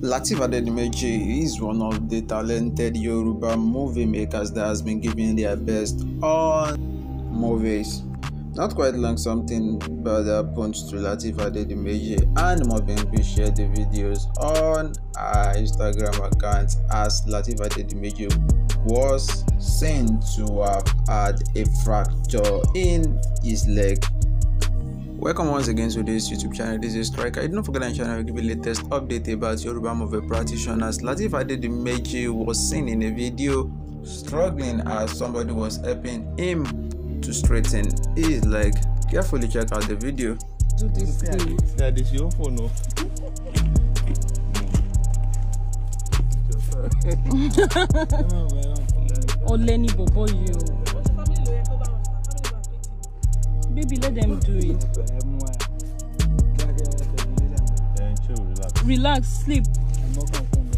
Latif Adedimeji is one of the talented Yoruba movie makers that has been giving their best on movies. Not quite long something bad happened to Latif Adedimeji and Mobimbi shared the videos on her Instagram account as Latif Adedimeji was seen to have had a fracture in his leg Welcome once again to this YouTube channel. This is Striker. Don't forget that channel will give you latest update about Yoruba movie practitioners. Latif Adedimeji was seen in a video struggling as somebody was helping him to straighten his leg. Carefully check out the video. That is your phone, no? Uh, bobo, you. Baby, let them do it. Relax, sleep.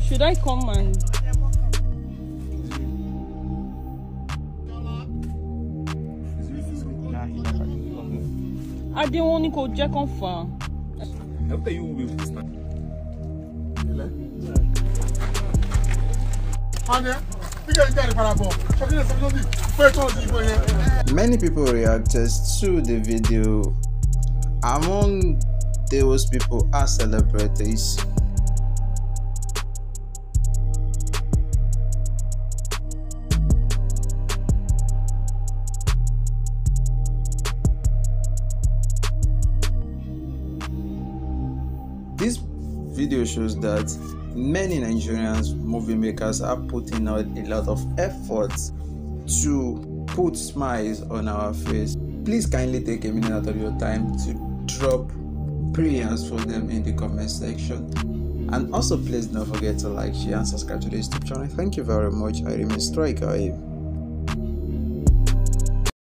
Should I come and I wọn want to go check on far. ẹ̀fẹ̀ you? wé fún sàn. Many people reacted to the video. Among those people are celebrities. This video shows that many Nigerians movie makers are putting out a lot of efforts to put smiles on our face. Please kindly take a minute out of your time to drop prayers for them in the comment section. And also please don't forget to like, share and subscribe to the YouTube channel. Thank you very much. I remain I